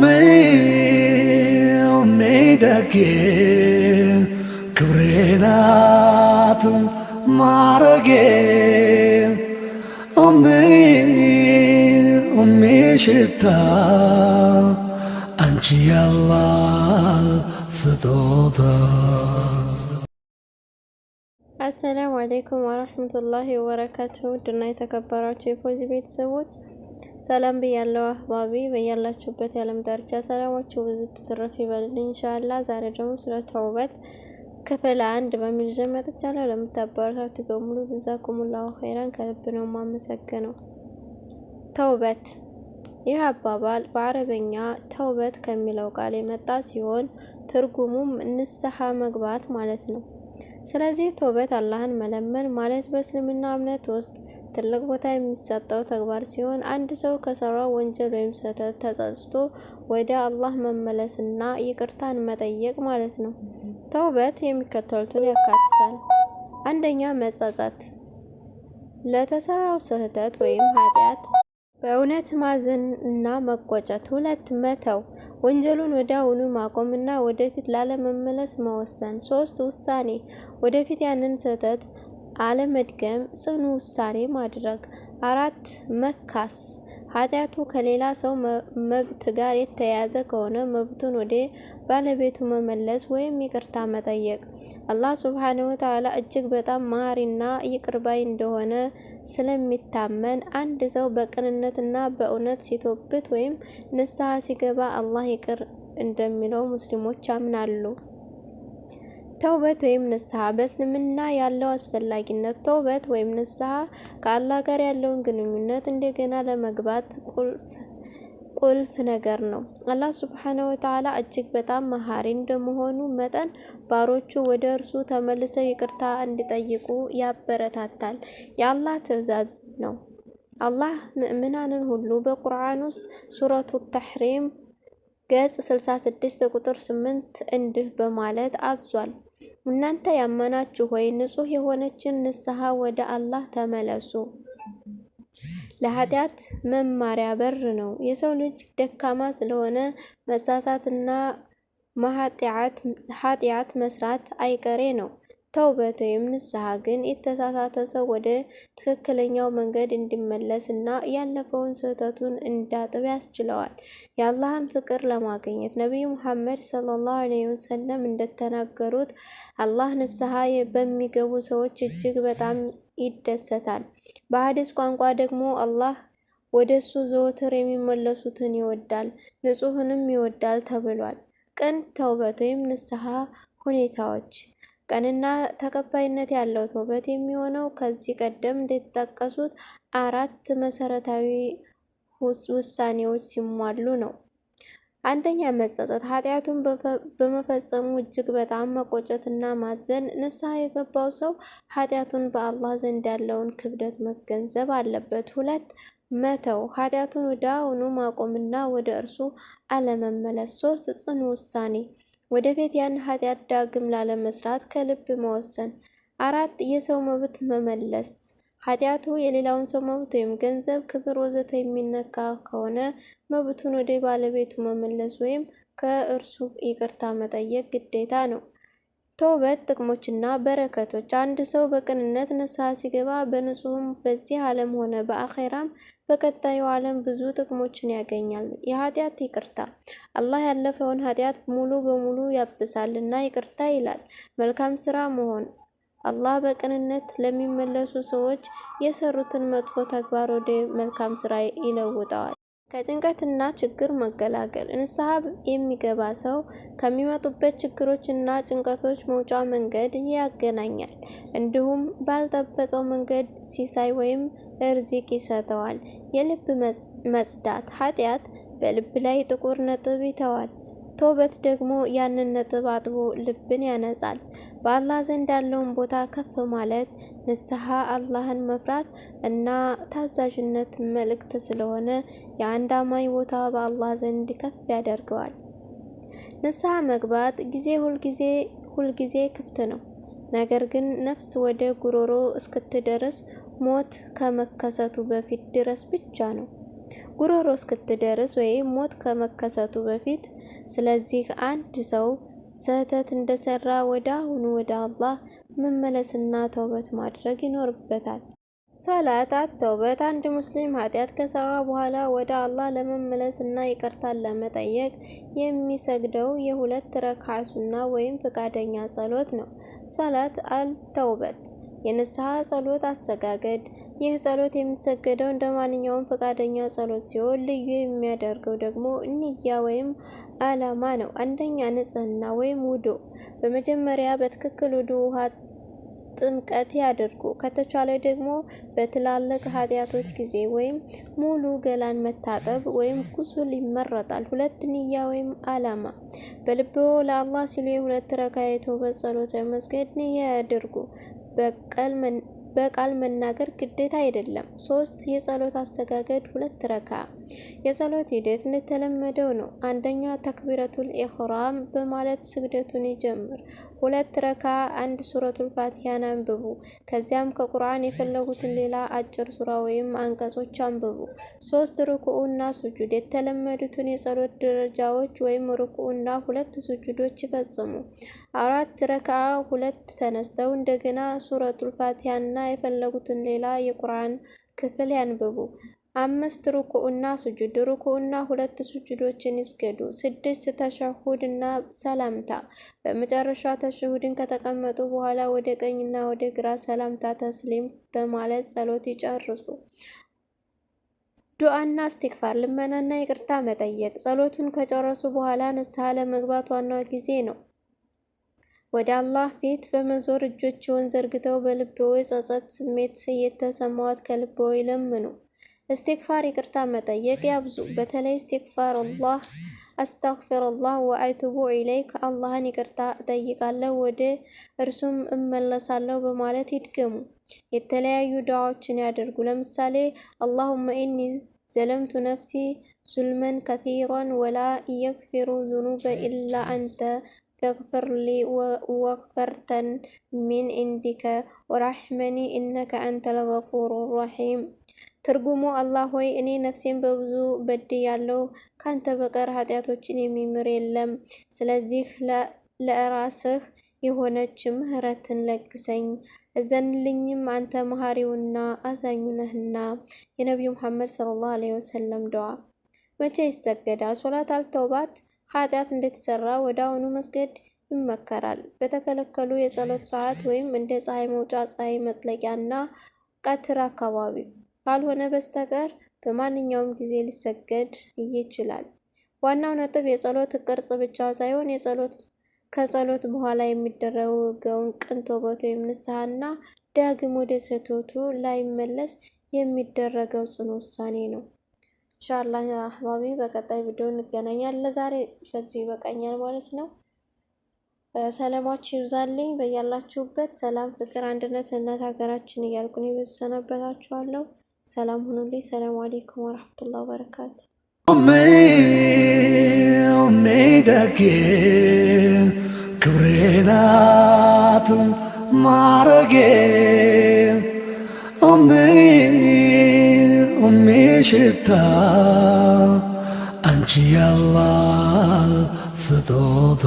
ሜሜደጌ ክብሬናት ማረጌ ሽታ አንቺ ያላል ስጦታ። አሰላሙ አሌይኩም ወረሕመቱላሂ ወበረካቱሁ ድና የተከበራችሁ የፎዚ ቤተሰቦች ሰላም ብያለው አህባቢ በያላችሁበት የዓለም ዳርቻ ሰላማችሁ ብዙ ትትረፍ ይበልልኝ። እንሻላ ዛሬ ደግሞ ስለ ተውበት ክፍል አንድ በሚል ይዤ መጥቻለሁ። ለምታበረታቱ በሙሉ ጀዛኩሙላሁ ኸይራን ከልብ ነው የማመሰግነው። ተውበት ይህ አባባል በአረበኛ ተውበት ከሚለው ቃል የመጣ ሲሆን ትርጉሙም ንስሐ መግባት ማለት ነው። ስለዚህ ተውበት አላህን መለመን ማለት በእስልምና እምነት ውስጥ ትልቅ ቦታ የሚሰጠው ተግባር ሲሆን አንድ ሰው ከሰራው ወንጀል ወይም ስህተት ተጸጽቶ ወደ አላህ መመለስና ይቅርታን መጠየቅ ማለት ነው። ተውበት የሚከተሉትን ያካትታል። አንደኛ፣ መጸጸት፣ ለተሰራው ስህተት ወይም ኃጢአት በእውነት ማዘን እና መቆጨት። ሁለት፣ መተው፣ ወንጀሉን ወዲያውኑ ማቆም እና ወደፊት ላለመመለስ መወሰን። ሶስት፣ ውሳኔ፣ ወደፊት ያንን ስህተት አለመድገም፣ ጽኑ ውሳኔ ማድረግ። አራት መካስ ኃጢአቱ ከሌላ ሰው መብት ጋር የተያያዘ ከሆነ መብቱን ወደ ባለቤቱ መመለስ ወይም ይቅርታ መጠየቅ። አላህ ሱብሓነሁ ወተዓላ እጅግ በጣም መሐሪና ይቅርባይ እንደሆነ ስለሚታመን አንድ ሰው በቅንነትና በእውነት ሲቶብት ወይም ንስሐ ሲገባ አላህ ይቅር እንደሚለው ሙስሊሞች ያምናሉ። ተውበት ወይም ንስሐ በእስልምና ያለው አስፈላጊነት ተውበት ወይም ንስሐ ከአላህ ጋር ያለውን ግንኙነት እንደገና ለመግባት ቁልፍ ነገር ነው። አላህ ስብሓነ ወተዓላ እጅግ በጣም መሀሪ እንደመሆኑ መጠን ባሮቹ ወደ እርሱ ተመልሰው ይቅርታ እንዲጠይቁ ያበረታታል። የአላህ ትዕዛዝ ነው። አላህ ምእምናንን ሁሉ በቁርአን ውስጥ ሱረቱ ተሕሪም ገጽ 66 ቁጥር 8 እንዲህ በማለት አዟል። እናንተ ያመናችሁ ሆይ ንጹህ የሆነችን ንስሐ ወደ አላህ ተመለሱ። ለኃጢአት መማሪያ በር ነው። የሰው ልጅ ደካማ ስለሆነ መሳሳትና ማኃጢአት መስራት አይቀሬ ነው። ተውበት ወይም ንስሐ ግን የተሳሳተ ሰው ወደ ትክክለኛው መንገድ እንዲመለስ እና ያለፈውን ስህተቱን እንዳጥብ ያስችለዋል። የአላህን ፍቅር ለማግኘት ነቢዩ ሙሐመድ ሰለላሁ ዐለይሂ ወሰለም እንደተናገሩት አላህ ንስሐ በሚገቡ ሰዎች እጅግ በጣም ይደሰታል። በሐዲስ ቋንቋ ደግሞ አላህ ወደ እሱ ዘወትር የሚመለሱትን ይወዳል፣ ንጹህንም ይወዳል ተብሏል። ቅን ተውበት ወይም ንስሐ ሁኔታዎች ቀንና ተቀባይነት ያለው ተውበት የሚሆነው ከዚህ ቀደም እንደተጠቀሱት አራት መሰረታዊ ውሳኔዎች ሲሟሉ ነው። አንደኛ መጸጸት፣ ኃጢአቱን በመፈጸሙ እጅግ በጣም መቆጨትና ማዘን። ንስሐ የገባው ሰው ኃጢአቱን በአላህ ዘንድ ያለውን ክብደት መገንዘብ አለበት። ሁለት መተው፣ ኃጢአቱን ወዲያውኑ ማቆምና ወደ እርሱ አለመመለስ። ሶስት ጽኑ ውሳኔ ወደ ቤት ያን ኃጢአት ዳግም ላለመስራት ከልብ መወሰን። አራት የሰው መብት መመለስ ኃጢአቱ የሌላውን ሰው መብት ወይም ገንዘብ፣ ክብር፣ ወዘተ የሚነካ ከሆነ መብቱን ወደ ባለቤቱ መመለስ ወይም ከእርሱ ይቅርታ መጠየቅ ግዴታ ነው። ተውበት ጥቅሞችና በረከቶች አንድ ሰው በቅንነት ንስሐ ሲገባ በንጹህም በዚህ ዓለም ሆነ በአኼራም በቀጣዩ ዓለም ብዙ ጥቅሞችን ያገኛል። የኃጢአት ይቅርታ አላህ ያለፈውን ኃጢአት ሙሉ በሙሉ ያብሳል እና ይቅርታ ይላል። መልካም ስራ መሆን አላህ በቅንነት ለሚመለሱ ሰዎች የሰሩትን መጥፎ ተግባር ወደ መልካም ስራ ይለውጠዋል። ከጭንቀትና ችግር መገላገል ንስሐ የሚገባ ሰው ከሚመጡበት ችግሮች እና ጭንቀቶች መውጫ መንገድ ያገናኛል። እንዲሁም ባልጠበቀው መንገድ ሲሳይ ወይም እርዚቅ ይሰጠዋል። የልብ መጽዳት ኃጢአት በልብ ላይ ጥቁር ነጥብ ይተዋል። ተውበት ደግሞ ያንን ነጥብ አጥቦ ልብን ያነጻል። በአላህ ዘንድ ያለውን ቦታ ከፍ ማለት ንስሐ፣ አላህን መፍራት እና ታዛዥነት መልእክት ስለሆነ የአንድ አማኝ ቦታ በአላህ ዘንድ ከፍ ያደርገዋል። ንስሐ መግባት ጊዜ ሁልጊዜ ሁልጊዜ ክፍት ነው። ነገር ግን ነፍስ ወደ ጉሮሮ እስክትደርስ ሞት ከመከሰቱ በፊት ድረስ ብቻ ነው። ጉሮሮ እስክትደርስ ወይም ሞት ከመከሰቱ በፊት ስለዚህ አንድ ሰው ስህተት እንደሰራ ወደ አሁኑ ወደ አላህ መመለስና ተውበት ማድረግ ይኖርበታል። ሰላት አተውበት አንድ ሙስሊም ኃጢአት ከሰራ በኋላ ወደ አላህ ለመመለስና እና ይቅርታን ለመጠየቅ የሚሰግደው የሁለት ረካዓ ሱና ወይም ፈቃደኛ ጸሎት ነው። ሰላት አልተውበት የንስሐ ጸሎት አሰጋገድ ይህ ጸሎት የሚሰገደው እንደ ማንኛውም ፈቃደኛ ጸሎት ሲሆን ልዩ የሚያደርገው ደግሞ እንያ ወይም አላማ ነው። አንደኛ ንጽህና ወይም ውዶ፣ በመጀመሪያ በትክክል ውዱ ውሃ ጥምቀት ያድርጉ። ከተቻለ ደግሞ በትላልቅ ኃጢአቶች ጊዜ ወይም ሙሉ ገላን መታጠብ ወይም ጉሱል ይመረጣል። ሁለት ንያ ወይም አላማ በልብዎ ለአላህ ሲሉ የሁለት ረካ የተውበት ጸሎት ለመስገድ ንያ ያድርጉ። በቃል መናገር ግዴታ አይደለም። ሶስት የጸሎት አስተጋገድ ሁለት ረካ የጸሎት ሂደት እንደተለመደው ነው። አንደኛ ተክቢረቱል ኢህራም በማለት ስግደቱን ይጀምር። ሁለት ረካ አንድ ሱረቱል ፋቲሃን አንብቡ። ከዚያም ከቁርአን የፈለጉትን ሌላ አጭር ሱራ ወይም አንቀጾች አንብቡ። ሶስት ርኩዑና ሱጁድ የተለመዱትን የጸሎት ደረጃዎች ወይም ርኩዑና ሁለት ሱጁዶች ይፈጽሙ። አራት ረክዓ ሁለት ተነስተው እንደገና ሱረቱል ፋቲሃና የፈለጉትን ሌላ የቁርአን ክፍል ያንብቡ። አምስት ሩኩዕና ስጁድ፣ ሩኩዕና ሁለት ስጁዶችን ይስገዱ። ስድስት ተሸሁድ እና ሰላምታ። በመጨረሻ ተሸሁድን ከተቀመጡ በኋላ ወደ ቀኝና ወደ ግራ ሰላምታ ተስሊም በማለት ጸሎት ይጨርሱ። ዱዓና እስቲግፋር፣ ልመናና ይቅርታ መጠየቅ። ጸሎቱን ከጨረሱ በኋላ ንስሐ ለመግባት ዋናው ጊዜ ነው። ወደ አላህ ፊት በመዞር እጆችውን ዘርግተው በልብዎ ጸጸት ስሜት እየተሰማዎት ከልብዎ ይለምኑ። እስትግፋር ይቅርታ መጠየቅ ያብዙ። በተለይ እስትግፋሩላህ አስተግፊሩላህ ወአቱቡ ኢለይህ አላህን ይቅርታ እጠይቃለሁ ወደ እርሱም እመለሳለሁ በማለት ይድገሙ። የተለያዩ ዱዓዎችን ያደርጉ። ለምሳሌ አላሁመ ኢኒ ዘለምቱ ነፍሲ ዙልመን ከሲራን ወላ የግፊሩ ዙኑበ ኢላ አንተ ፈግፍርሊ ወግፈርተን ሚን እንዲከ ወራሕመኒ እነከ አንተል ገፉሩ ረሒም። ትርጉሙ አላህ ሆይ እኔ ነፍሴን በብዙ በድያለሁ፣ ካንተ በቀር ኃጢአቶችን የሚምር የለም። ስለዚህ ለእራስህ የሆነች ምህረትን ለግሰኝ እዘንልኝም፣ አንተ መሐሪውና አዛኙ ነህና። የነቢዩ መሐመድ ሰለላሁ ዐለይሂ ወሰለም ዱዓ መቼ ይሰገዳል? ሶላተል ተውባት ኃጢአት እንደተሰራ ወደ አሁኑ መስገድ ይመከራል። በተከለከሉ የጸሎት ሰዓት ወይም እንደ ፀሐይ መውጫ፣ ፀሐይ መጥለቂያ እና ቀትር አካባቢ ካልሆነ በስተቀር በማንኛውም ጊዜ ሊሰገድ ይችላል። ዋናው ነጥብ የጸሎት ቅርጽ ብቻ ሳይሆን የጸሎት ከጸሎት በኋላ የሚደረገውን ቅንቶበት ወይም ንስሐና ዳግም ወደ ስህተቱ ላይመለስ የሚደረገው ጽኑ ውሳኔ ነው። ኢንሻላህ አህባቢ በቀጣይ ቪዲዮ እንገናኛለን። ለዛሬ በዚሁ ይበቃኛል ማለት ነው። ሰላማችሁ ይብዛልኝ በያላችሁበት። ሰላም፣ ፍቅር፣ አንድነት፣ እናት ሀገራችን እያልኩኝ ሰናበታችኋለሁ። ሰላም ሁኑልኝ። ሰላም አሌይኩም ወረሕመቱላሂ ወበረካቱ። ሜ ደጌ ክብሬ ናት ማረጌ የቁሜ ሽታ አንቺ ያላ ስጦታ